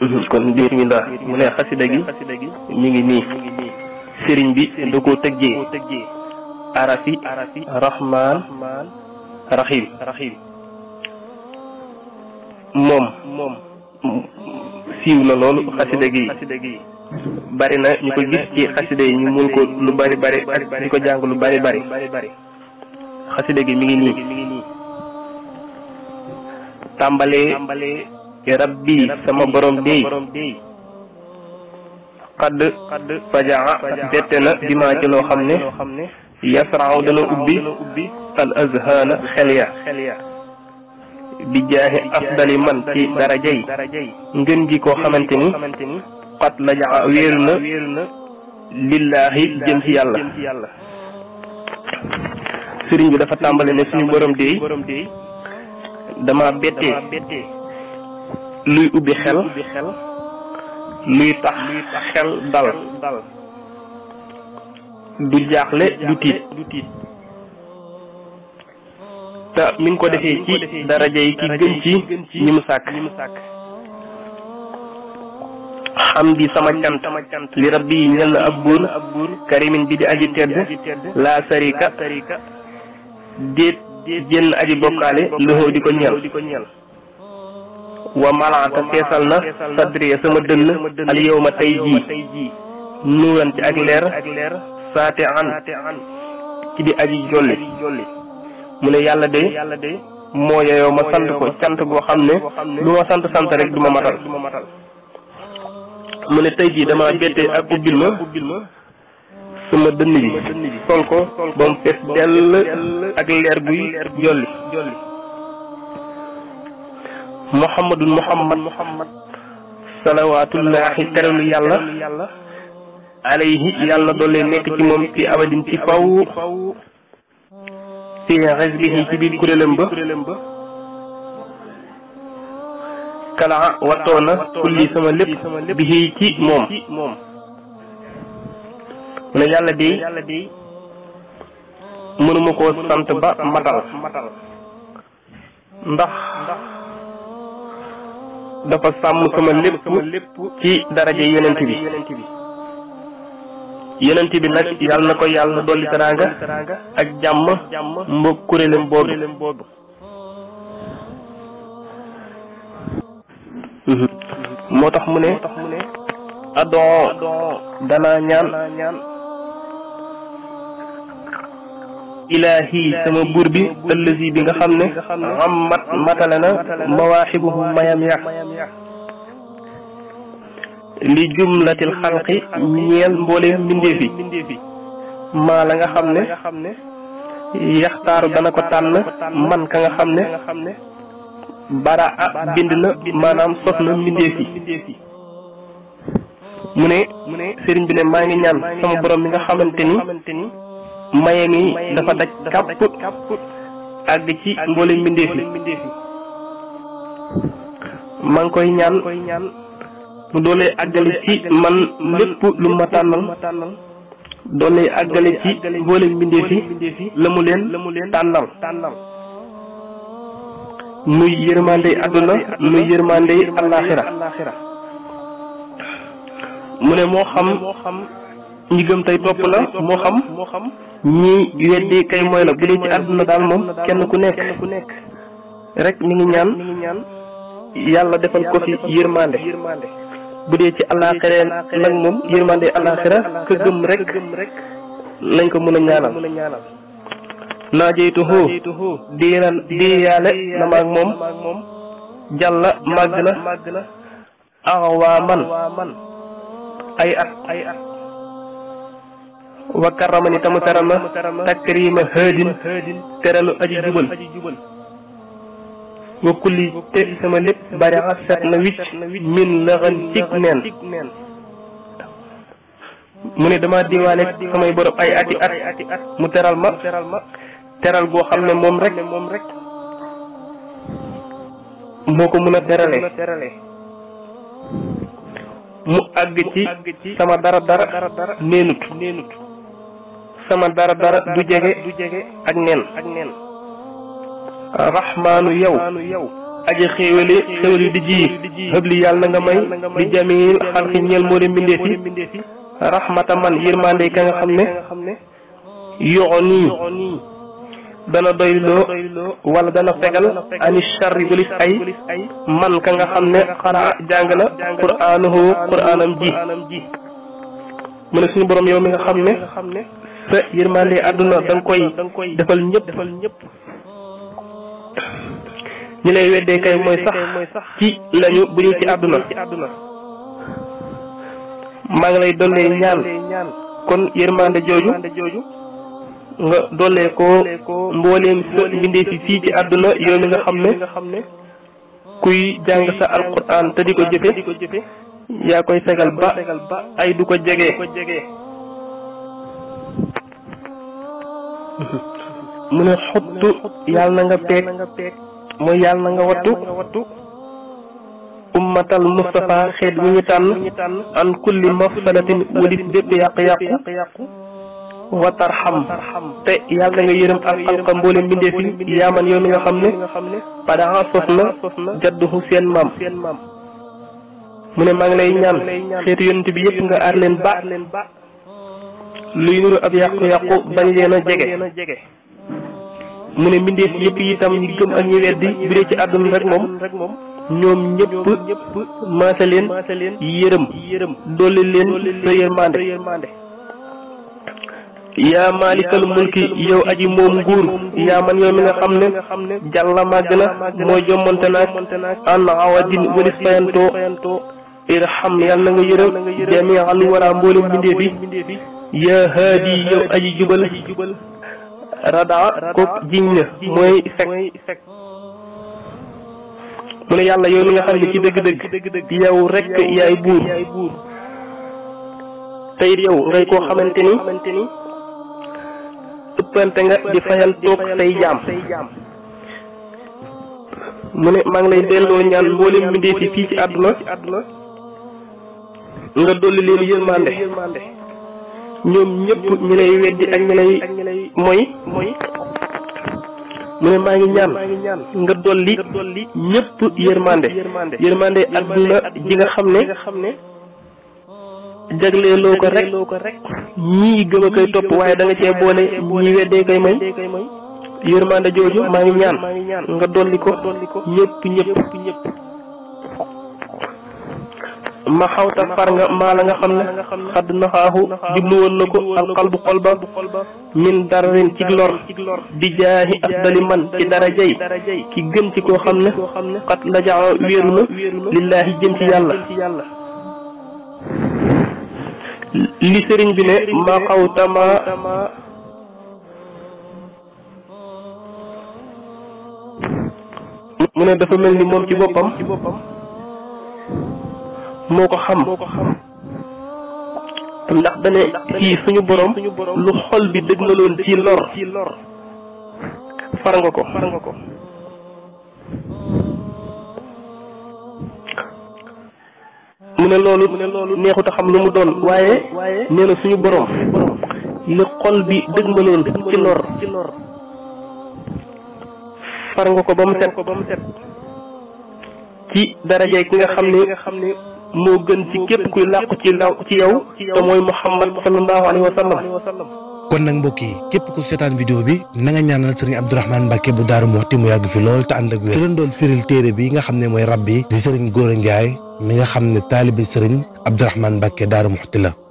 kon bismillah mu ne xasida gi mi ngi nii sëriñ bi da koo tëggee arafi rahman rahim rahim moom moom siiw na loolu xasida gi bari na ñu ko gis ci xasida yi ñu mun ko lu bari bari ak ko jàng lu bari bari xasida gi mi ngi nii tàmbalee rabbi sama borom dey xadd fajaa bette na dimaa ci loo xam ne yasraaw dana ubbi al azhaana xel ya bi jaahi afdali man ci darajay ngën ji koo xamante ni xat la jaa wéeru na lillaahi jëm ci yàlla sëriñ bi dafa tàmbali ne suñu borom dey dama bette luy ubbi xel luy tax xel dal du jaaxle du tiit ta mi ngi ko defee ci daraja yi ki gën ci ñi mu sàkk hamdi sama cant li rabbi yi ñel na ab buur karimin bi di aji tedd la sarika déet génn aji bokkaale lëxoo di ko wa malaanta feesal na sadriya sama dënn al yow ma tey jii nuuran ci ak leer saate an ci di aji jolli mu ne yàlla de moo yeyoo ma sant ko cant goo xam ne lu ma sant sant rek du ma matal mu ne tey jii dama bette ak ubbil ma sama dënn bi sol ko ba mu fees dell ak leer guy jolli muhammadun muhammad muhammad salawaatullahi teralu yàlla alayhi yàlla doole nekk ci moom ci abadin ci faw fi xisbihi ci biir kuréelam ba kalaa wattoona kulli sama lépp bihi ci moom mu ne yàlla dey mënuma koo sant ba matal ndax dafa sam sama lepp ci daraja yenente bi yenente bi nak yàlla nako ko yàlla dolli teraanga ak jam mbokk kuréelam boobu moo adon dana ñaan ilaahi sama buur bi allazi bi nga xam ne am mat matale na mawaaxibuhu mayam yax li jumlatil xalqi ñeel mbooleem mbindeef yi maa la nga xam ne yaxtaaru dana ko tànn man ka nga xam ne bara a bind na maanaam sof na mbindeef mu ne sëriñ bi ne maa ngi ñaan sama borom mi nga xamante ni maye ngi dafa daj kàpp àgg ci mboolem mbindeef yi maa ngi koy ñaan mu doole àggale ci man lépp lu ma tànnal doolee àggale ci mboolem mbindeef la mu leen tànnal muy yërmandey àdduna muy yërmandey àllaaxira mu ne moo xam ñi gëm tey topp la moo xam ñi weddi kay mooy la bu dee ci àdduna daal moom kenn ku nekk rek mi ngi ñaan yàlla defal ko fi yërmande bu dee ci àllaaxira nag moom yërmande àllaaxira ka gëm rek lañ ko mën a ñaanal naajeytuhu diinaan diiyaale na maag moom jàlla màgg na aawaa man ay at wa karamani tamu teral ma takrima hëdin teralu aji jubal wa kulli te sama lépp bari a set na wicc min lëxan cig neen mu ne dama diwaane samay borom ay ati at mu teral ma teral goo xam ne moom rek moo ko mën a terale mu àgg ci sama dara dara neenut sama dara dara du jege ak nen raxmaanu yow aji xéewali xéewal yu di ji xëbli yàlla nanga nga may li jamiil xalqi ñeel moo di mbindeeti raxmata man yërmande ka nga xam ne yoxo nii dana doyloo wala dana fegal ani charri walis ay man ka nga xam ne xaraa jàng na quraanuhu quraanam ji mu ne suñu borom yow mi nga xam ne sa yërmande àdduna da nga koy defal ñëpp defal lay weddee kay mooy sax ci lañu bu ñu ci àdduna maa ngi lay dollee ñaan kon yërmande jooju nga dollee ko mbooleem sa mbindee fi fii ci àdduna yow nga xam ne kuy jàng sa alquran te di ko jëfe yaa koy fegal ba ay du ko jege mu ne xottu yàlla na nga peeg mooy yàlla na nga wattu ummatal Moustapha xeet wi ñu tànn an kulli mafsadatin walif bépp yàq-yàqu wa tarxam te yàlla na nga yërëm ak xalqa mboolem yi yaaman yow mi nga xam ne padaxa sos na jadduhu seen maam mu ne maa ngi lay ñaan xeetu yonent bi yépp nga aar leen ba luy nuru ab yàqu-yàqu bañ leen a jege mu ne mbindeef yëpp itam tam gëm ak ñi weddi bi dee ci àdduna rek moom ñoom ñëpp maase leen yërëm dolli leen sa yërmande yaa maalikal mulki yow aji moom nguur yaa man yow mi nga xam ne jàlla màgg na mooy jommante naag an awadin walis fayantoo irham yàlla na nga yërëm jami'an wara mboolem mbindeef yi ya hadi yow ya ya ya aji jubal rada ko jinna moy fek mu ne yàlla yow nga xam ci deug deug yow rek yaay bur tey yow ngay ko xamanteni uppante nga di fayal tok tay jam mune ne maa ngi lay delloo ñaan mboolem mbindee fi ci aduna nga dolli leen mande ñoom ñëpp ñu lay weddi ak ñu lay mooy mu ne maa ngi ñaan nga dolli ñëpp yërmande yërmande adduna ji nga xam ne jagleeloo ko rek ñii gëm a koy topp waaye da nga cee boole ñii weddee koy may yërmande jooju maa ngi ñaan nga dolli ko ñëpp ñëpp. ma xawta far nga koo xam ne xat la jaxoo wéeru na lillaahi jëm ci mu ne dafa mel ni moom ci boppam moo ko xam ndax dane fii suñu boroom lu xol bi dëgmaloon ci lor far nga ko mu ne loolu neexut a xam lu mu doon waaye nee na suñu boroom li xol bi dëgmaloon ci lor far nga ko ba mu set ci darajay ki nga xam ni moo gën ci képp kuy làqu ci law ci yow te mooy Muhammad sallallahu alayhi wa sallam. kon nag mbokk yi képp ku seetaan vidéo bi na nga ñaanal sëriñ Abdourahmane Mbacke bu Daaru Muxti mu yàgg fi lool te ànd ak doon firil téere bi nga xam ne mooy rab bi di sëriñ Gora Ndiaye mi nga xam ne taalibi sëriñ Abdourahmane Mbacke Daaru Muxti la.